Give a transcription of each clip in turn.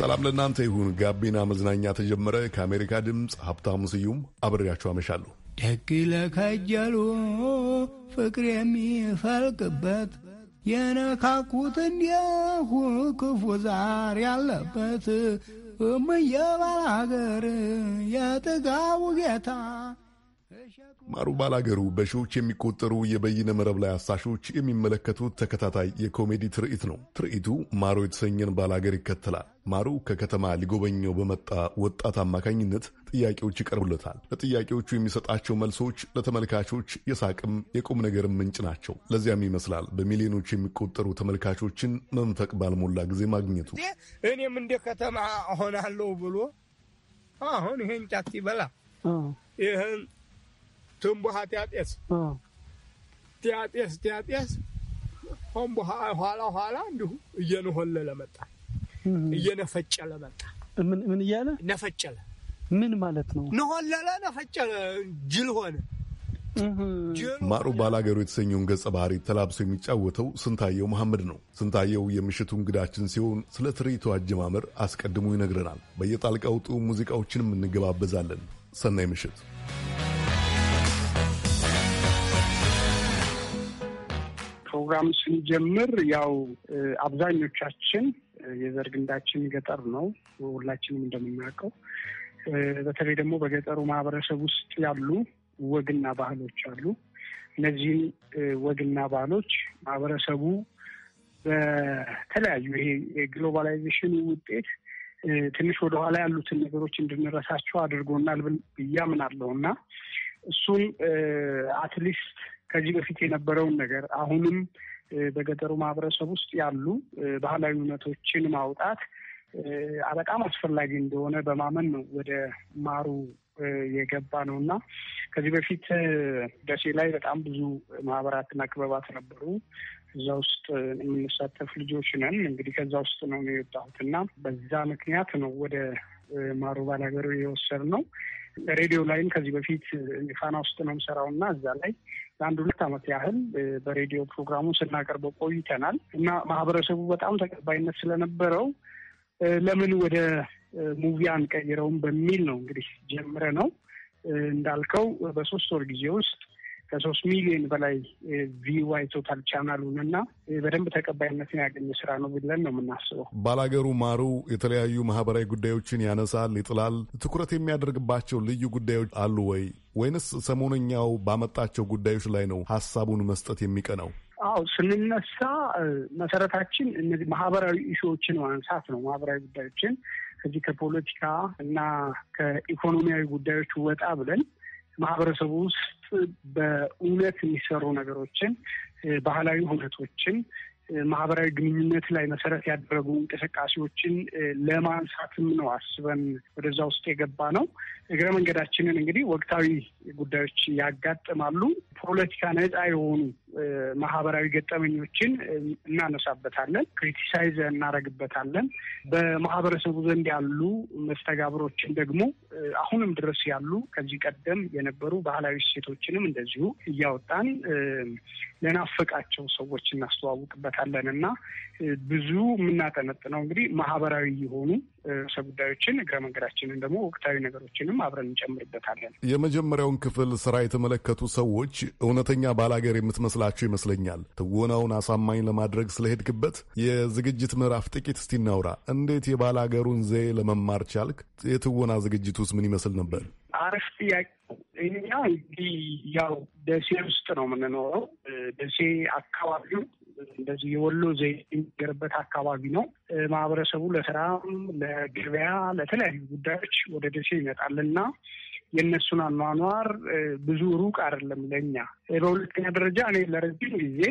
ሰላም ለእናንተ ይሁን። ጋቢና መዝናኛ ተጀመረ። ከአሜሪካ ድምፅ ሀብታሙ ስዩም አብሬያችሁ አመሻለሁ። ደግ ለከጀሉ ፍቅር የሚፈልቅበት የነካኩት እንዲሁ ክፉ ዛር ያለበት እምዬ ባላገር የጥጋቡ ጌታ ማሩባል አገሩ በሺዎች የሚቆጠሩ የበይነ መረብ ላይ አሳሾች የሚመለከቱት ተከታታይ የኮሜዲ ትርኢት ነው። ትርኢቱ ማሮ የተሰኘን ባላገር ይከተላል። ማሩ ከከተማ ሊጎበኘው በመጣ ወጣት አማካኝነት ጥያቄዎች ይቀርቡለታል። ለጥያቄዎቹ የሚሰጣቸው መልሶች ለተመልካቾች የሳቅም የቁም ነገርም ምንጭ ናቸው። ለዚያም ይመስላል በሚሊዮኖች የሚቆጠሩ ተመልካቾችን መንፈቅ ባልሞላ ጊዜ ማግኘቱ። እኔም እንደ ከተማ ሆናለሁ ብሎ አሁን ይሄን ጫት ይበላ ይህን ትንቦሃ ጢያጤስ ጢያጤስ ጢያጤስ ሆን ኋላ ኋላ እንዲሁ እየነሆለለ መጣ፣ እየነፈጨለ መጣ። ምን ምን እያለ ነፈጨለ? ምን ማለት ነው? ነሆለለ፣ ነፈጨለ፣ ጅል ሆነ። ማሩ ባላገሩ የተሰኘውን ገጸ ባህሪ ተላብሶ የሚጫወተው ስንታየው መሐመድ ነው። ስንታየው የምሽቱ እንግዳችን ሲሆን ስለ ትርኢቱ አጀማመር አስቀድሞ ይነግረናል። በየጣልቃውጡ ሙዚቃዎችንም እንገባበዛለን። ሰናይ ምሽት። ፕሮግራም ስንጀምር ያው አብዛኞቻችን የዘር ግንዳችን ገጠር ነው፣ ሁላችንም እንደምናውቀው። በተለይ ደግሞ በገጠሩ ማህበረሰብ ውስጥ ያሉ ወግና ባህሎች አሉ። እነዚህም ወግና ባህሎች ማህበረሰቡ በተለያዩ ይሄ የግሎባላይዜሽን ውጤት ትንሽ ወደኋላ ያሉትን ነገሮች እንድንረሳቸው አድርጎናል ብዬ እና እሱን አትሊስት ከዚህ በፊት የነበረውን ነገር አሁንም በገጠሩ ማህበረሰብ ውስጥ ያሉ ባህላዊ እውነቶችን ማውጣት በጣም አስፈላጊ እንደሆነ በማመን ነው ወደ ማሩ የገባ ነው እና ከዚህ በፊት ደሴ ላይ በጣም ብዙ ማህበራትና ክበባት ነበሩ። እዛ ውስጥ የምንሳተፍ ልጆች ነን። እንግዲህ ከዛ ውስጥ ነው የወጣሁት እና በዛ ምክንያት ነው ወደ ማሩ ባላገሩ የወሰድ ነው። ሬዲዮ ላይም ከዚህ በፊት ፋና ውስጥ ነው የምሰራው እና እዛ ላይ ለአንድ ሁለት ዓመት ያህል በሬዲዮ ፕሮግራሙን ስናቀርበው ቆይተናል እና ማህበረሰቡ በጣም ተቀባይነት ስለነበረው ለምን ወደ ሙቪ አንቀይረውም በሚል ነው እንግዲህ ጀምረ ነው እንዳልከው በሶስት ወር ጊዜ ውስጥ ከሶስት ሚሊዮን በላይ ቪው አይቶታል ቻናሉን እና በደንብ ተቀባይነትን ያገኘ ስራ ነው ብለን ነው የምናስበው። ባላገሩ ማሩ የተለያዩ ማህበራዊ ጉዳዮችን ያነሳል፣ ይጥላል። ትኩረት የሚያደርግባቸው ልዩ ጉዳዮች አሉ ወይ ወይንስ ሰሞነኛው ባመጣቸው ጉዳዮች ላይ ነው ሀሳቡን መስጠት የሚቀነው? አዎ ስንነሳ መሰረታችን እነዚህ ማህበራዊ ኢሹዎችን ማንሳት ነው። ማህበራዊ ጉዳዮችን ከዚህ ከፖለቲካ እና ከኢኮኖሚያዊ ጉዳዮች ወጣ ብለን ማህበረሰቡ ውስጥ በእውነት የሚሰሩ ነገሮችን ባህላዊ እውነቶችን ማህበራዊ ግንኙነት ላይ መሰረት ያደረጉ እንቅስቃሴዎችን ለማንሳትም ነው አስበን ወደዛ ውስጥ የገባ ነው። እግረ መንገዳችንን እንግዲህ ወቅታዊ ጉዳዮች ያጋጥማሉ። ፖለቲካ ነጻ የሆኑ ማህበራዊ ገጠመኞችን እናነሳበታለን፣ ክሪቲሳይዝ እናደርግበታለን። በማህበረሰቡ ዘንድ ያሉ መስተጋብሮችን ደግሞ አሁንም ድረስ ያሉ ከዚህ ቀደም የነበሩ ባህላዊ እሴቶችንም እንደዚሁ እያወጣን ለናፈቃቸው ሰዎች እናስተዋውቅበታል። እናውቃለን እና ብዙ የምናጠነጥነው እንግዲህ ማህበራዊ የሆኑ ርዕሰ ጉዳዮችን እግረ መንገዳችንን ደግሞ ወቅታዊ ነገሮችንም አብረን እንጨምርበታለን። የመጀመሪያውን ክፍል ስራ የተመለከቱ ሰዎች እውነተኛ ባላገር የምትመስላችሁ ይመስለኛል። ትወናውን አሳማኝ ለማድረግ ስለሄድክበት የዝግጅት ምዕራፍ ጥቂት እስቲ እናውራ። እንዴት የባላገሩን ዘዬ ለመማር ቻልክ? የትወና ዝግጅት ውስጥ ምን ይመስል ነበር? አሪፍ ጥያቄ። እኛ እንግዲህ ያው ደሴ ውስጥ ነው የምንኖረው። ደሴ አካባቢው እንደዚህ የወሎ ዘይት የሚገርበት አካባቢ ነው። ማህበረሰቡ ለስራም፣ ለገበያ፣ ለተለያዩ ጉዳዮች ወደ ደሴ ይመጣል እና የእነሱን አኗኗር ብዙ ሩቅ አይደለም ለእኛ። በሁለተኛ ደረጃ እኔ ለረጅም ጊዜ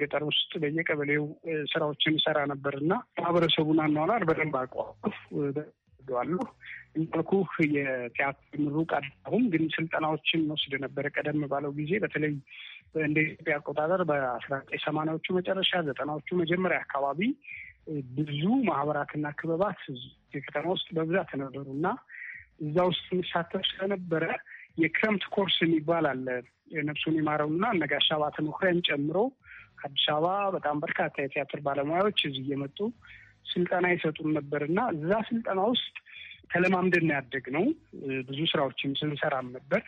ገጠር ውስጥ በየቀበሌው ስራዎችን ሰራ ነበርና ማህበረሰቡን አኗኗር በደንብ አውቀዋለሁ። እንዳልኩ የቲያትር ምሩቅ አሁን ግን ስልጠናዎችን ወስድ ነበረ። ቀደም ባለው ጊዜ በተለይ እንደ ኢትዮጵያ አቆጣጠር በአስራ ዘጠኝ ሰማንያዎቹ መጨረሻ ዘጠናዎቹ መጀመሪያ አካባቢ ብዙ ማህበራትና ክበባት የከተማ ውስጥ በብዛት ነበሩ እና እዛ ውስጥ የሚሳተፍ ስለነበረ የክረምት ኮርስ የሚባል አለ። ነፍሱን ይማረውና ነጋሽ አባተ መኩሪያን ጨምሮ ከአዲስ አበባ በጣም በርካታ የቲያትር ባለሙያዎች እዚህ እየመጡ ስልጠና ይሰጡን ነበር እና እዛ ስልጠና ውስጥ ተለማምደን ያደግ ነው። ብዙ ስራዎችን ስንሰራም ነበር።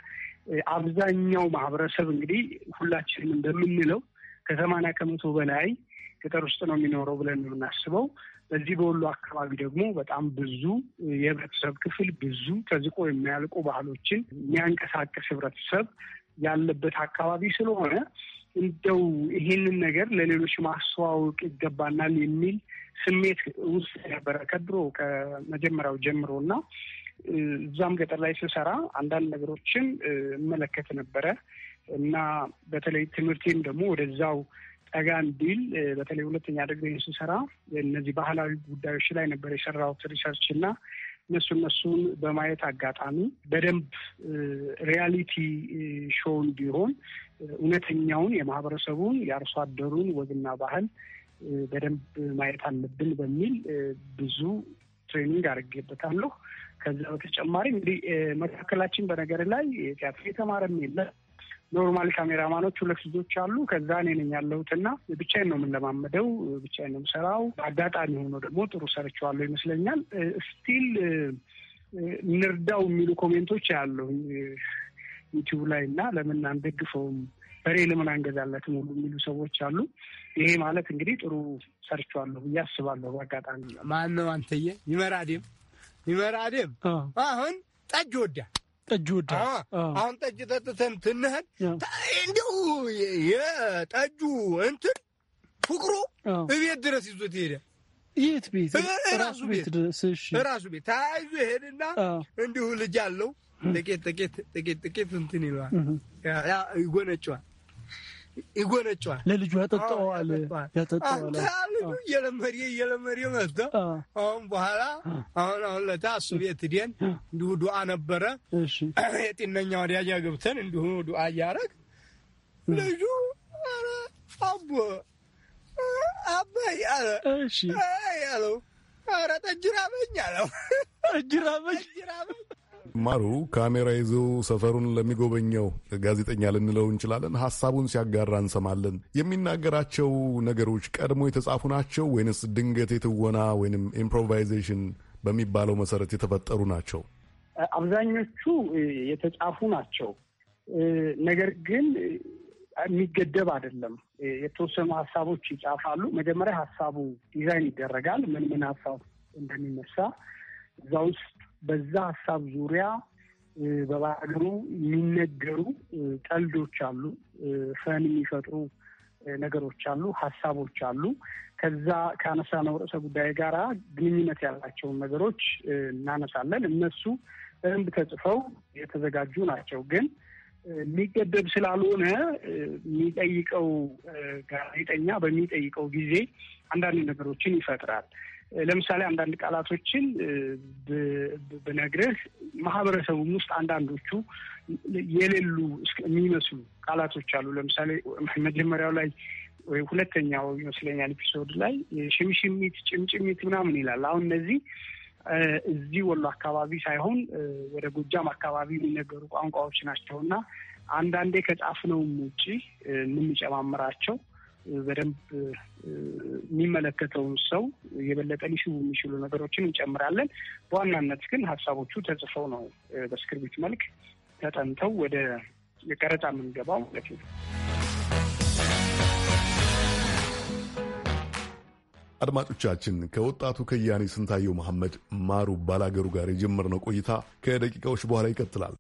አብዛኛው ማህበረሰብ እንግዲህ ሁላችንም እንደምንለው ከሰማንያ ከመቶ በላይ ገጠር ውስጥ ነው የሚኖረው ብለን ነው የምናስበው። በዚህ በወሎ አካባቢ ደግሞ በጣም ብዙ የህብረተሰብ ክፍል ብዙ ተዝቆ የሚያልቁ ባህሎችን የሚያንቀሳቅስ ህብረተሰብ ያለበት አካባቢ ስለሆነ እንደው ይሄንን ነገር ለሌሎች ማስተዋወቅ ይገባናል የሚል ስሜት ውስጥ ነበረ ከድሮ ከመጀመሪያው ጀምሮ እና እዛም ገጠር ላይ ስሰራ አንዳንድ ነገሮችን እመለከት ነበረ እና በተለይ ትምህርቴም ደግሞ ወደዛው ጠጋ እንዲል በተለይ ሁለተኛ ደግሞ ስሰራ እነዚህ ባህላዊ ጉዳዮች ላይ ነበር የሰራሁት ሪሰርች እና እነሱ እነሱን በማየት አጋጣሚ በደንብ ሪያሊቲ ሾውን ቢሆን እውነተኛውን የማህበረሰቡን የአርሶ አደሩን ወግና ባህል በደንብ ማየት አለብን በሚል ብዙ ትሬኒንግ አድርጌበታለሁ። ከዚያ በተጨማሪ እንግዲህ መካከላችን በነገር ላይ ቲያትር የተማረም የለም ኖርማሊ ካሜራማኖች ሁለት ልጆች አሉ። ከዛ እኔ ነኝ ያለሁትና ብቻዬን ነው የምንለማመደው፣ ብቻዬን ነው የምሰራው። አጋጣሚ ሆኖ ደግሞ ጥሩ ሰርቸዋለሁ ይመስለኛል። ስቲል እንርዳው የሚሉ ኮሜንቶች ያለው ዩቲዩብ ላይ እና ለምን አንደግፈውም በሬ ለምን አንገዛለትም ሁሉ የሚሉ ሰዎች አሉ። ይሄ ማለት እንግዲህ ጥሩ ሰርቸዋለሁ ብዬ አስባለሁ። አጋጣሚ ማን ነው አንተዬ? ይመራ ዴም ይመራ ዴም አሁን ጠጅ ወዳል ጠጅ ወዳ አሁን ጠጅ ጠጥተን ትንህል እንዲሁ የጠጁ እንትን ፍቅሩ እቤት ድረስ ይዞት ሄደ። የት ቤት? ራሱ ቤት ራሱ ቤት ተያይዞ ይሄድና እንዲሁ ልጅ አለው ጥቂት ጥቂት ጥቂት ጥቂት እንትን ይለዋል፣ ይጎነጨዋል ይጎነጨዋል። ለልጁ ያጠጠዋል ያጠጣዋል። እየለመሪ እየለመሪ መጥቶ አሁን በኋላ አሁን አሁን ለታ እሱ ቤት ሄደን እንዲሁ ዱዓ ነበረ የጤነኛ ወዳጃ ገብተን እንዲሁ ዱዓ እያረግ ልጁ አቦ አባይ አለ ያለው አረ ጠጅ ራበኝ አለው ጠጅ ራበኝ ማሩ ካሜራ ይዞ ሰፈሩን ለሚጎበኘው ጋዜጠኛ ልንለው እንችላለን። ሀሳቡን ሲያጋራ እንሰማለን። የሚናገራቸው ነገሮች ቀድሞ የተጻፉ ናቸው ወይንስ ድንገት የትወና ወይንም ኢምፕሮቫይዜሽን በሚባለው መሰረት የተፈጠሩ ናቸው? አብዛኞቹ የተጻፉ ናቸው። ነገር ግን የሚገደብ አይደለም። የተወሰኑ ሀሳቦች ይጻፋሉ። መጀመሪያ ሀሳቡ ዲዛይን ይደረጋል። ምን ምን ሀሳብ እንደሚነሳ እዛ ውስጥ በዛ ሀሳብ ዙሪያ በባህገሩ የሚነገሩ ቀልዶች አሉ፣ ፈን የሚፈጥሩ ነገሮች አሉ፣ ሀሳቦች አሉ። ከዛ ካነሳነው ርዕሰ ጉዳይ ጋር ግንኙነት ያላቸውን ነገሮች እናነሳለን። እነሱ በደንብ ተጽፈው የተዘጋጁ ናቸው። ግን የሚገደብ ስላልሆነ የሚጠይቀው ጋዜጠኛ በሚጠይቀው ጊዜ አንዳንድ ነገሮችን ይፈጥራል። ለምሳሌ አንዳንድ ቃላቶችን ብነግርህ ማህበረሰቡም ውስጥ አንዳንዶቹ የሌሉ የሚመስሉ ቃላቶች አሉ። ለምሳሌ መጀመሪያው ላይ ወይ ሁለተኛው ይመስለኛል ኤፒሶድ ላይ ሽምሽሚት፣ ጭምጭሚት ምናምን ይላል። አሁን እነዚህ እዚህ ወሎ አካባቢ ሳይሆን ወደ ጎጃም አካባቢ የሚነገሩ ቋንቋዎች ናቸው እና አንዳንዴ ከጻፍነውም ውጪ የምንጨማምራቸው በደንብ የሚመለከተውን ሰው የበለጠ ሊስቡ የሚችሉ ነገሮችን እንጨምራለን። በዋናነት ግን ሀሳቦቹ ተጽፈው ነው በስክሪፕት መልክ ተጠንተው ወደ ቀረጻ የምንገባው ማለት ነው። አድማጮቻችን ከወጣቱ ከያኔ ስንታየው መሐመድ ማሩ ባላገሩ ጋር የጀመርነው ቆይታ ከደቂቃዎች በኋላ ይቀጥላል።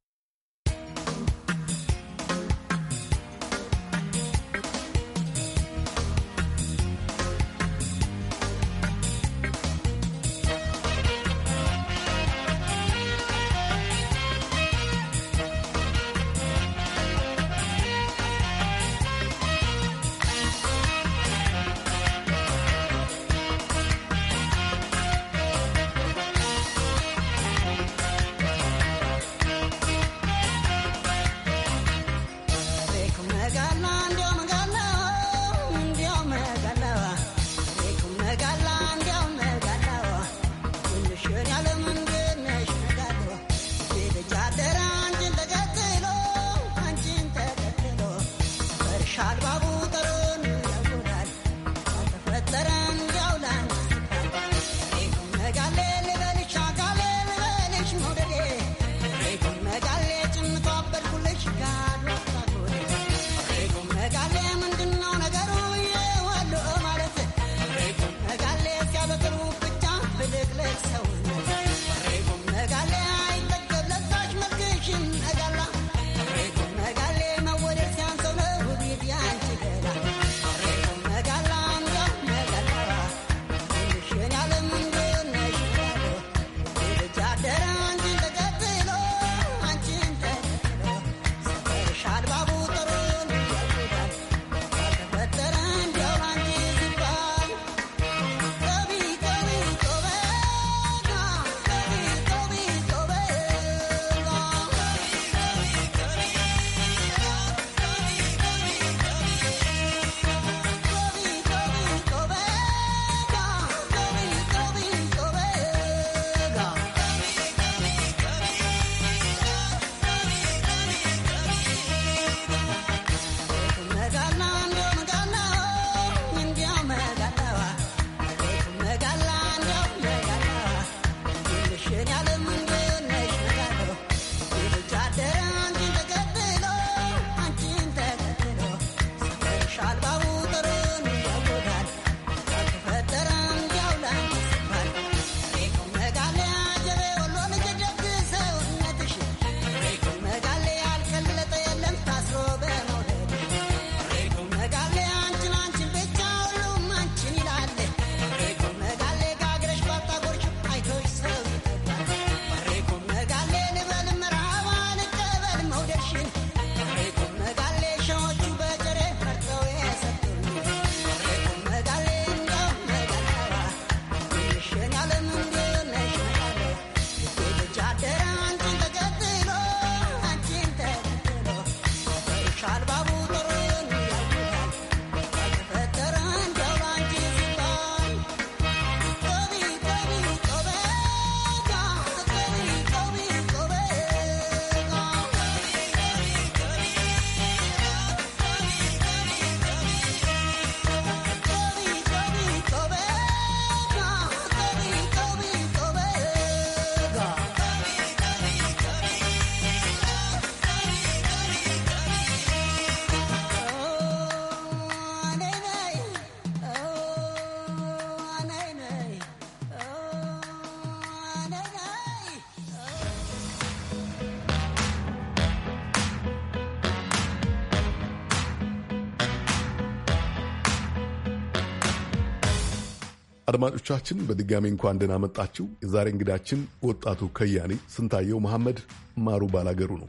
አድማጮቻችን በድጋሚ እንኳን ደህና መጣችሁ። የዛሬ እንግዳችን ወጣቱ ከያኔ ስንታየው መሐመድ ማሩ ባላገሩ ነው።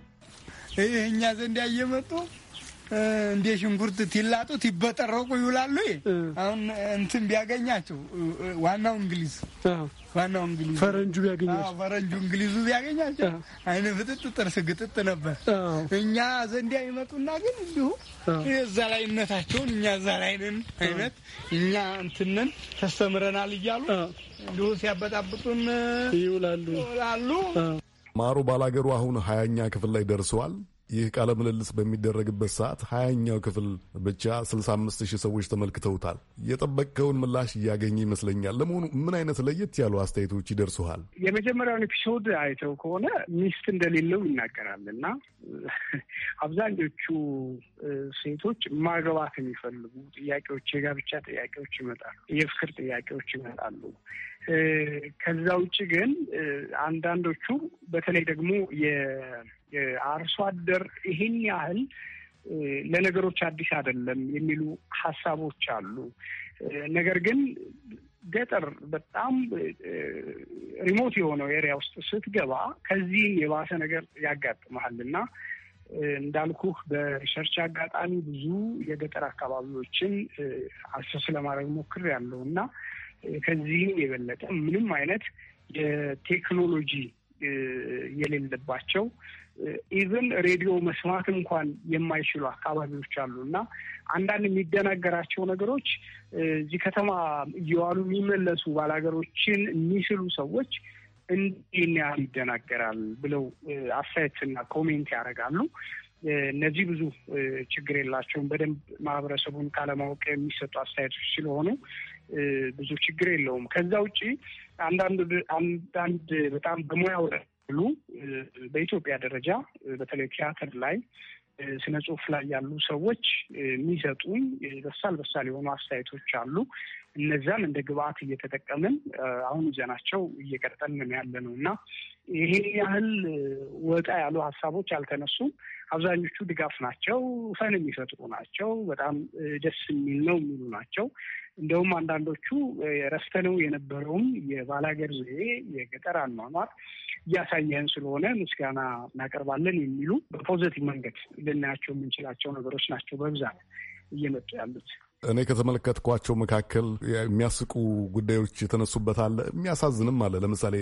እኛ ዘንድ ያየመጡ እንደ ሽንኩርት ቲላጡ ቲበጠረቁ ይውላሉ። አሁን እንትን ቢያገኛቸው ዋናው እንግሊዝ ዋናው እንግሊዝ ፈረንጁ ቢያገኛቸው ፈረንጁ እንግሊዙ ቢያገኛቸው አይነ ፍጥጥ ጥርስ ግጥጥ ነበር። እኛ ዘንዲያ ይመጡና ግን እንዲሁ እዛ ላይነታቸውን እኛ እዛ ላይንን አይነት እኛ እንትንን ተስተምረናል እያሉ እንዲሁ ሲያበጣብጡን ይውላሉ ይውላሉ። ማሮ ባላገሩ አሁን ሀያኛ ክፍል ላይ ደርሰዋል። ይህ ቃለ ምልልስ በሚደረግበት ሰዓት ሀያኛው ክፍል ብቻ 65 ሺህ ሰዎች ተመልክተውታል። የጠበቅከውን ምላሽ እያገኘ ይመስለኛል። ለመሆኑ ምን አይነት ለየት ያሉ አስተያየቶች ይደርሱሃል? የመጀመሪያውን ኤፒሶድ አይተው ከሆነ ሚስት እንደሌለው ይናገራል እና አብዛኞቹ ሴቶች ማግባት የሚፈልጉ ጥያቄዎች፣ የጋብቻ ጥያቄዎች ይመጣሉ፣ የፍቅር ጥያቄዎች ይመጣሉ። ከዛ ውጭ ግን አንዳንዶቹ በተለይ ደግሞ አርሶ አደር ይሄን ያህል ለነገሮች አዲስ አይደለም የሚሉ ሀሳቦች አሉ። ነገር ግን ገጠር በጣም ሪሞት የሆነው ኤሪያ ውስጥ ስትገባ ከዚህም የባሰ ነገር ያጋጥመሃል እና እንዳልኩህ በሪሰርች አጋጣሚ ብዙ የገጠር አካባቢዎችን አሰስ ለማድረግ ያለው እና ከዚህም የበለጠ ምንም አይነት የቴክኖሎጂ የሌለባቸው ኢቭን ሬዲዮ መስማት እንኳን የማይችሉ አካባቢዎች አሉ እና አንዳንድ የሚደናገራቸው ነገሮች እዚህ ከተማ እየዋሉ የሚመለሱ ባላገሮችን የሚስሉ ሰዎች እንዲህ ያህል ይደናገራል ብለው አስተያየትና ኮሜንት ያደርጋሉ። እነዚህ ብዙ ችግር የላቸውም። በደንብ ማህበረሰቡን ካለማወቅ የሚሰጡ አስተያየቶች ስለሆኑ ብዙ ችግር የለውም። ከዛ ውጭ አንዳንድ አንዳንድ በጣም በሙያው ሁሉ በኢትዮጵያ ደረጃ በተለይ ቲያትር ላይ ስነ ጽሁፍ ላይ ያሉ ሰዎች የሚሰጡኝ በሳል በሳል የሆኑ አስተያየቶች አሉ። እነዚያን እንደ ግብአት እየተጠቀምን አሁን ይዘናቸው እየቀጠልን ያለ ነው እና ይሄ ያህል ወጣ ያሉ ሀሳቦች አልተነሱም። አብዛኞቹ ድጋፍ ናቸው፣ ፈን የሚፈጥሩ ናቸው፣ በጣም ደስ የሚል ነው የሚሉ ናቸው። እንደውም አንዳንዶቹ ረስተነው የነበረውም የባላገር ዘዬ የገጠር አኗኗር እያሳየን ስለሆነ ምስጋና እናቀርባለን የሚሉ በፖዘቲቭ መንገድ ልናያቸው የምንችላቸው ነገሮች ናቸው በብዛት እየመጡ ያሉት። እኔ ከተመለከትኳቸው መካከል የሚያስቁ ጉዳዮች የተነሱበት አለ፣ የሚያሳዝንም አለ። ለምሳሌ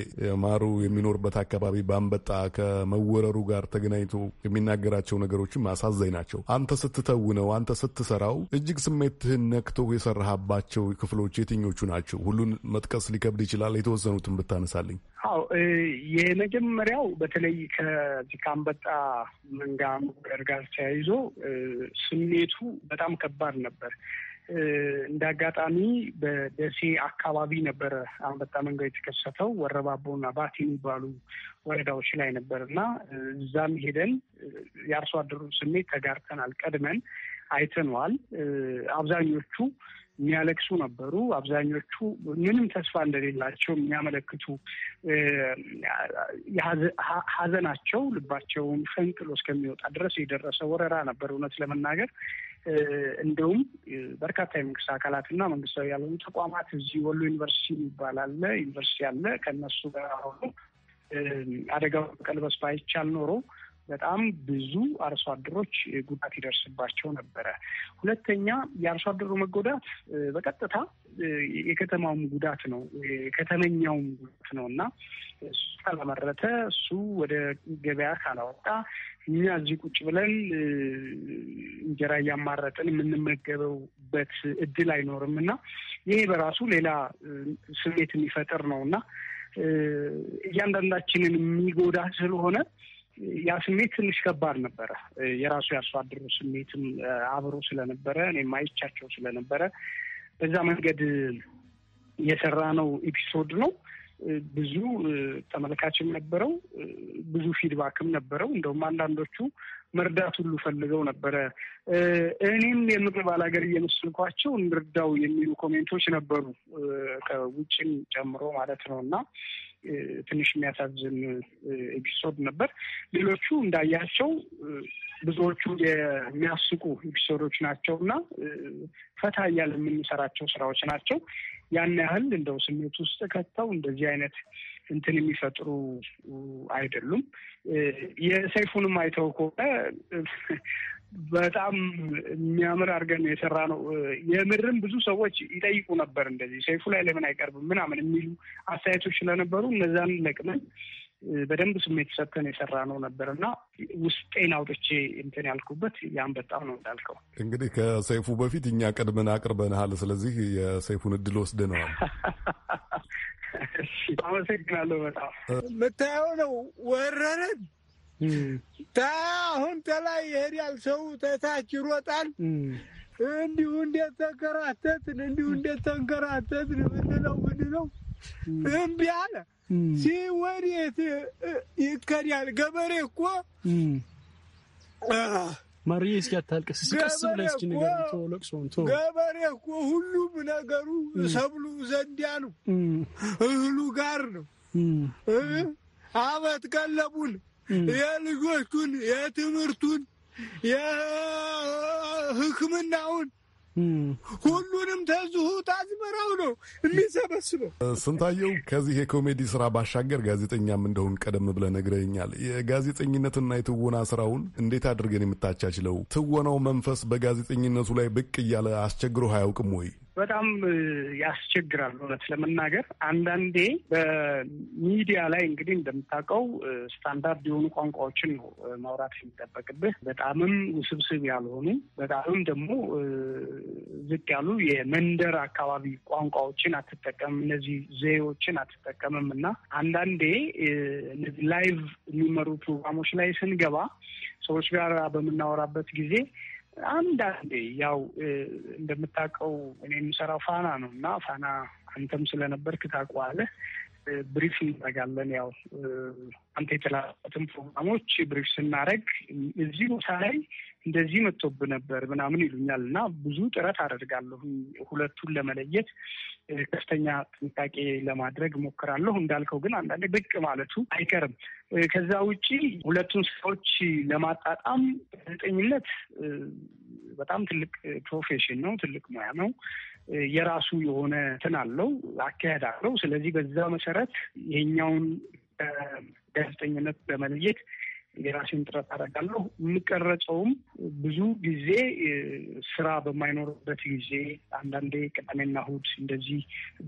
ማሩ የሚኖርበት አካባቢ በአንበጣ ከመወረሩ ጋር ተገናኝቶ የሚናገራቸው ነገሮችም አሳዛኝ ናቸው። አንተ ስትተውነው፣ አንተ ስትሰራው እጅግ ስሜትህን ነክቶ የሰራሃባቸው ክፍሎች የትኞቹ ናቸው? ሁሉን መጥቀስ ሊከብድ ይችላል። የተወሰኑትን ብታነሳልኝ። አዎ የመጀመሪያው በተለይ ከዚህ ከአንበጣ መንጋ መወረር ጋር ተያይዞ ስሜቱ በጣም ከባድ ነበር። እንደ አጋጣሚ በደሴ አካባቢ ነበረ አንበጣ መንጋ የተከሰተው። ወረባቦና ባቲ የሚባሉ ወረዳዎች ላይ ነበር እና እዛም ሄደን የአርሶ አደሩ ስሜት ተጋርተናል። ቀድመን አይተነዋል። አብዛኞቹ የሚያለቅሱ ነበሩ። አብዛኞቹ ምንም ተስፋ እንደሌላቸው የሚያመለክቱ ሀዘናቸው ልባቸውን ፈንቅሎ እስከሚወጣ ድረስ የደረሰ ወረራ ነበር። እውነት ለመናገር እንደውም በርካታ የመንግስት አካላትና መንግስታዊ ያልሆኑ ተቋማት እዚህ ወሎ ዩኒቨርሲቲ የሚባል አለ ዩኒቨርሲቲ አለ ከእነሱ ጋር ሆኖ አደጋው ቀልበስ ባይቻል ኖሮ በጣም ብዙ አርሶ አደሮች ጉዳት ይደርስባቸው ነበረ። ሁለተኛ የአርሶ አደሩ መጎዳት በቀጥታ የከተማውም ጉዳት ነው፣ የከተመኛውም ጉዳት ነው እና እሱ ካላመረተ፣ እሱ ወደ ገበያ ካላወጣ እኛ እዚህ ቁጭ ብለን እንጀራ እያማረጥን የምንመገበውበት እድል አይኖርም እና ይሄ በራሱ ሌላ ስሜት የሚፈጥር ነው እና እያንዳንዳችንን የሚጎዳ ስለሆነ ያ ስሜት ትንሽ ከባድ ነበረ። የራሱ የአርሶ አደሩ ስሜትም አብሮ ስለነበረ እኔ ማይቻቸው ስለነበረ በዛ መንገድ የሰራ ነው ኤፒሶድ ነው። ብዙ ተመልካችም ነበረው፣ ብዙ ፊድባክም ነበረው። እንደውም አንዳንዶቹ መርዳት ሁሉ ፈልገው ነበረ። እኔም የምግብ አላገር እየመስልኳቸው እንርዳው የሚሉ ኮሜንቶች ነበሩ፣ ከውጭም ጨምሮ ማለት ነው እና ትንሽ የሚያሳዝን ኤፒሶድ ነበር። ሌሎቹ እንዳያቸው ብዙዎቹ የሚያስቁ ኤፒሶዶች ናቸው እና ፈታ እያል የምንሰራቸው ስራዎች ናቸው። ያን ያህል እንደው ስሜት ውስጥ ከተው እንደዚህ አይነት እንትን የሚፈጥሩ አይደሉም። የሰይፉንም አይተው ከሆነ በጣም የሚያምር አድርገን የሰራ ነው። የምርም ብዙ ሰዎች ይጠይቁ ነበር እንደዚህ ሰይፉ ላይ ለምን አይቀርብም ምናምን የሚሉ አስተያየቶች ስለነበሩ እነዛን ለቅመን በደንብ ስሜት ሰጥተን የሰራ ነው ነበር እና ውስጤን አውጥቼ እንትን ያልኩበት ያን በጣም ነው እንዳልከው። እንግዲህ ከሰይፉ በፊት እኛ ቀድመን አቅርበንሃል። ስለዚህ የሰይፉን እድል ወስደነዋል። አመሰግናለሁ። በጣም መታየው ነው ወረረን አሁን ተላይ ይሄዳል ሰው ተታች ይሮጣል። እንዲሁ እንዴት ተንከራተትን እንዲሁ እንዴት ተንከራተትን ምንለው ምንለው እምቢ አለ። ሲወዴት ይከዳል። ገበሬ እኮ ማርዬ እስኪ አታልቅስ፣ ቀስ ብለህ እስኪ ንገረኝ። ተው ለቅሶውን ተው። ገበሬ እኮ ሁሉም ነገሩ ሰብሉ ዘንዲያ ነው፣ እህሉ ጋር ነው። አበት ቀለቡን የልጆቹን የትምህርቱን የሕክምናውን ሁሉንም ተዝሁ ታዝመራው ነው የሚሰበስበው። ስንታየው ከዚህ የኮሜዲ ስራ ባሻገር ጋዜጠኛም እንደሆን ቀደም ብለ ነግረኛል። የጋዜጠኝነትና የትወና ስራውን እንዴት አድርገን የምታቻችለው? ትወናው መንፈስ በጋዜጠኝነቱ ላይ ብቅ እያለ አስቸግሮ አያውቅም ወይ? በጣም ያስቸግራል። እውነት ለመናገር አንዳንዴ በሚዲያ ላይ እንግዲህ እንደምታውቀው ስታንዳርድ የሆኑ ቋንቋዎችን ነው ማውራት የሚጠበቅብህ። በጣምም ውስብስብ ያልሆኑ በጣምም ደግሞ ዝቅ ያሉ የመንደር አካባቢ ቋንቋዎችን አትጠቀምም፣ እነዚህ ዘዬዎችን አትጠቀምም እና አንዳንዴ ላይቭ የሚመሩ ፕሮግራሞች ላይ ስንገባ ሰዎች ጋር በምናወራበት ጊዜ አንዳንዴ ያው እንደምታውቀው እኔ የምሰራው ፋና ነው እና ፋና አንተም ስለነበርክ ታውቀዋለህ ብሪፍ እናደርጋለን። ያው አንተ የተላኩትን ፕሮግራሞች ብሪፍ ስናደርግ እዚህ ቦታ ላይ እንደዚህ መጥቶብ ነበር ምናምን ይሉኛል እና ብዙ ጥረት አደርጋለሁ ሁለቱን ለመለየት ከፍተኛ ጥንቃቄ ለማድረግ ሞክራለሁ። እንዳልከው ግን አንዳንዴ ብቅ ማለቱ አይቀርም። ከዛ ውጪ ሁለቱን ስራዎች ለማጣጣም ጋዜጠኝነት በጣም ትልቅ ፕሮፌሽን ነው፣ ትልቅ ሙያ ነው። የራሱ የሆነ እንትን አለው፣ አካሄድ አለው። ስለዚህ በዛ መሰረት ይሄኛውን ጋዜጠኝነት በመለየት የራሴን ጥረት አደርጋለሁ። የምቀረጸውም ብዙ ጊዜ ስራ በማይኖርበት ጊዜ አንዳንዴ ቅዳሜና እሑድ እንደዚህ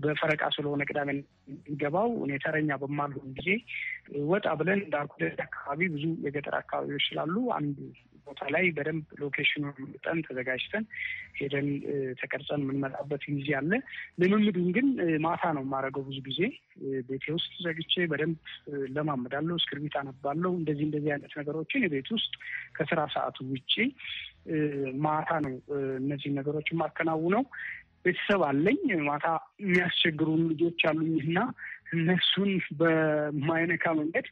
በፈረቃ ስለሆነ ቅዳሜ የሚገባው እኔ ተረኛ በማልሆን ጊዜ ወጣ ብለን እንዳልኩ አካባቢ ብዙ የገጠር አካባቢዎች ስላሉ አንድ ቦታ ላይ በደንብ ሎኬሽኑ ምጠን ተዘጋጅተን ሄደን ተቀርጸን የምንመጣበት ጊዜ አለ። ልምምዱን ግን ማታ ነው የማደርገው። ብዙ ጊዜ ቤቴ ውስጥ ዘግቼ በደንብ ለማመዳለው፣ እስክርቢት አነባለው። እንደዚህ እንደዚህ አይነት ነገሮችን የቤት ውስጥ ከስራ ሰዓቱ ውጭ ማታ ነው እነዚህ ነገሮች የማከናውነው። ቤተሰብ አለኝ። ማታ የሚያስቸግሩን ልጆች አሉኝ እና እነሱን በማይነካ መንገድ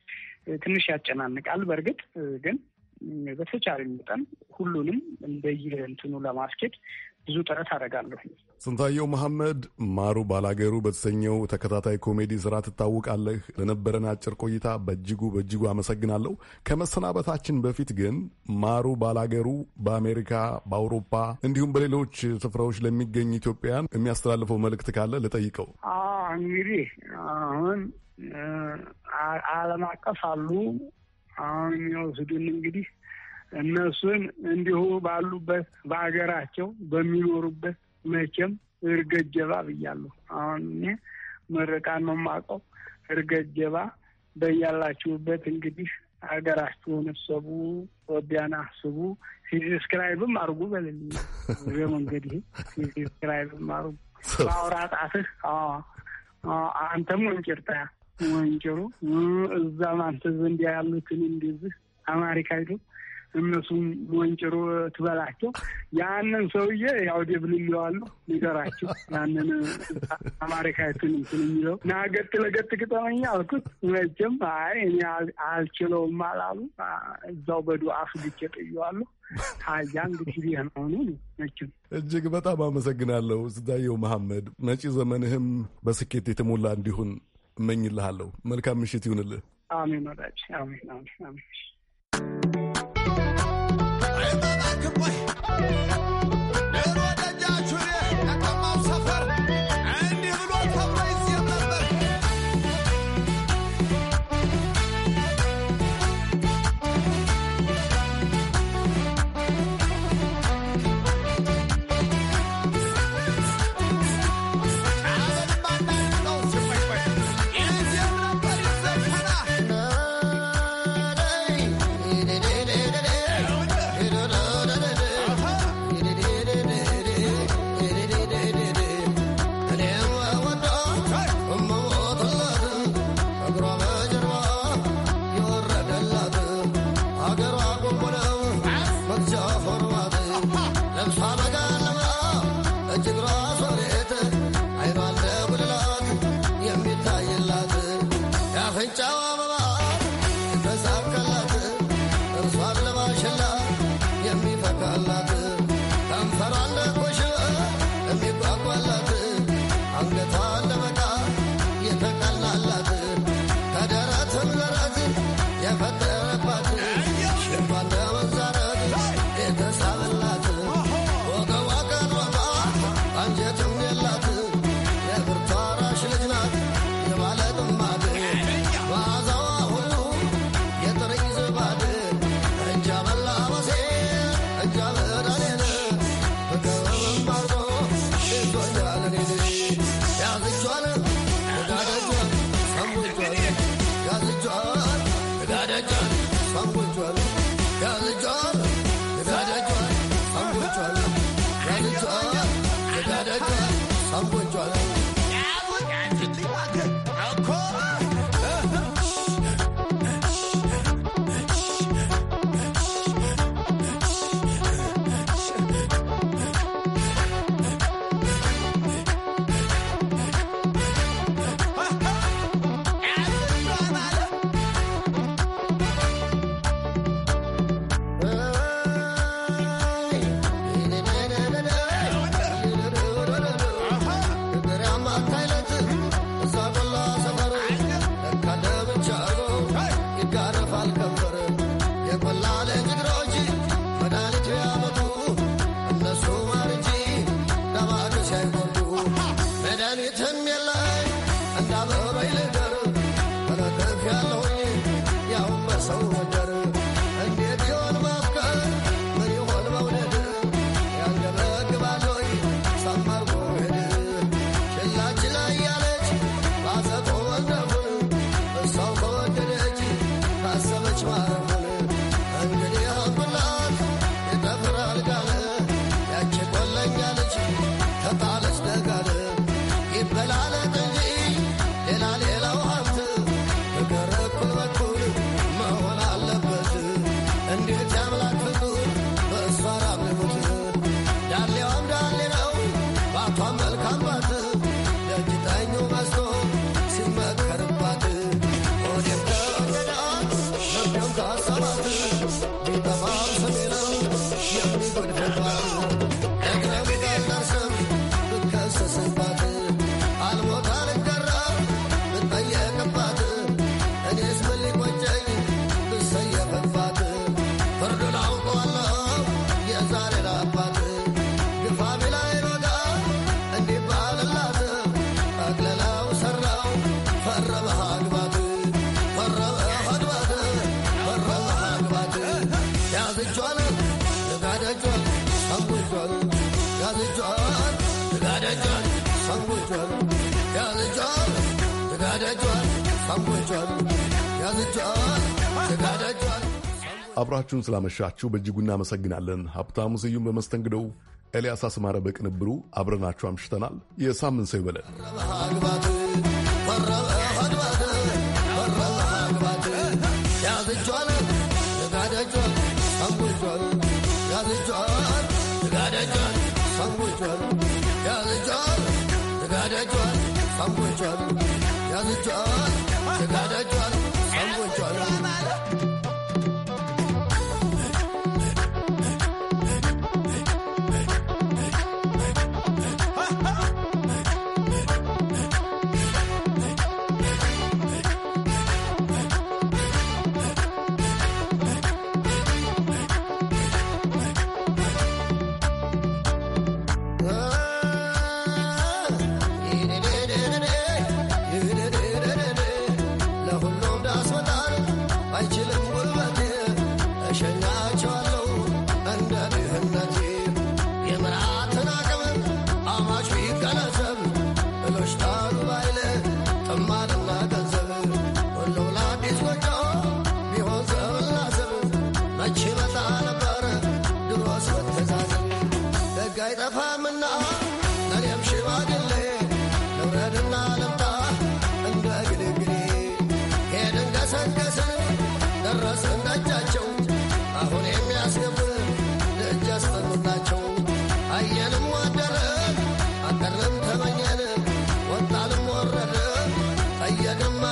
ትንሽ ያጨናንቃል። በእርግጥ ግን በተቻለ መጠን ሁሉንም እንደየ ለማስኬድ ብዙ ጥረት አደርጋለሁ። ስንታየው መሐመድ ማሩ ባላገሩ በተሰኘው ተከታታይ ኮሜዲ ስራ ትታወቃለህ። ለነበረን አጭር ቆይታ በእጅጉ በእጅጉ አመሰግናለሁ። ከመሰናበታችን በፊት ግን ማሩ ባላገሩ በአሜሪካ፣ በአውሮፓ እንዲሁም በሌሎች ስፍራዎች ለሚገኝ ኢትዮጵያን የሚያስተላልፈው መልእክት ካለ ልጠይቀው። እንግዲህ አሁን ዓለም አቀፍ አሉ አሁን የሚወስዱን እንግዲህ እነሱን እንዲሁ ባሉበት በሀገራቸው በሚኖሩበት መቼም እርገጀባ ብያለሁ። አሁን እኔ ምርቃን ነው የማውቀው። እርገጀባ በያላችሁበት እንግዲህ ሀገራችሁን እሰቡ፣ ወቢያን አስቡ፣ ሲስክራይብም አርጉ በልል ይዘም እንግዲህ ሲስክራይብም አርጉ በአውራ ጣትህ አንተም ወንጭርጣያ ወንጀሮ እዛ አንተ ዘንድ ያሉትን እንደዚህ አማሪካ ሂዶ እነሱም ወንጭሮ ትበላቸው። ያንን ሰውዬ ያው ደብል ይለዋሉ ሊገራቸው ያንን አማሪካዊቱን እንትን የሚለው ና ገጥ ለገጥ ግጠመኛ አልኩት። መቼም አይ እኔ አልችለውም አላሉ። እዛው በዱ አፍ ግቼ ጥየዋለሁ። ታያ እንግዲህ ይህ ነው መቼም እጅግ በጣም አመሰግናለሁ ስንታየሁ መሐመድ። መጪ ዘመንህም በስኬት የተሞላ እንዲሁን እመኝልሃለሁ። መልካም ምሽት ይሁንልህ። አሜን ወዳጅ። አሜን አሜን አሜን። Panama. አብራችሁን ስላመሻችሁ በእጅጉ እናመሰግናለን። ሀብታሙ ስዩም በመስተንግደው፣ ኤልያስ አስማረ በቅንብሩ አብረናችሁ አምሽተናል። የሳምንት ሰው ይበለን። I've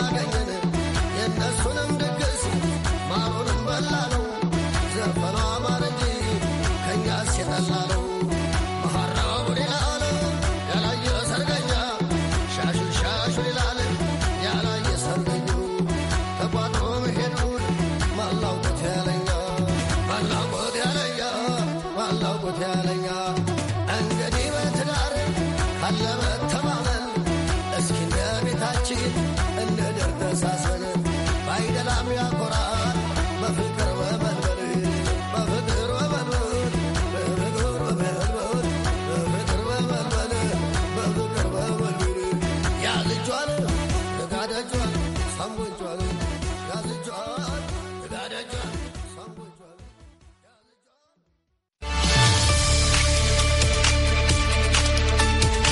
magani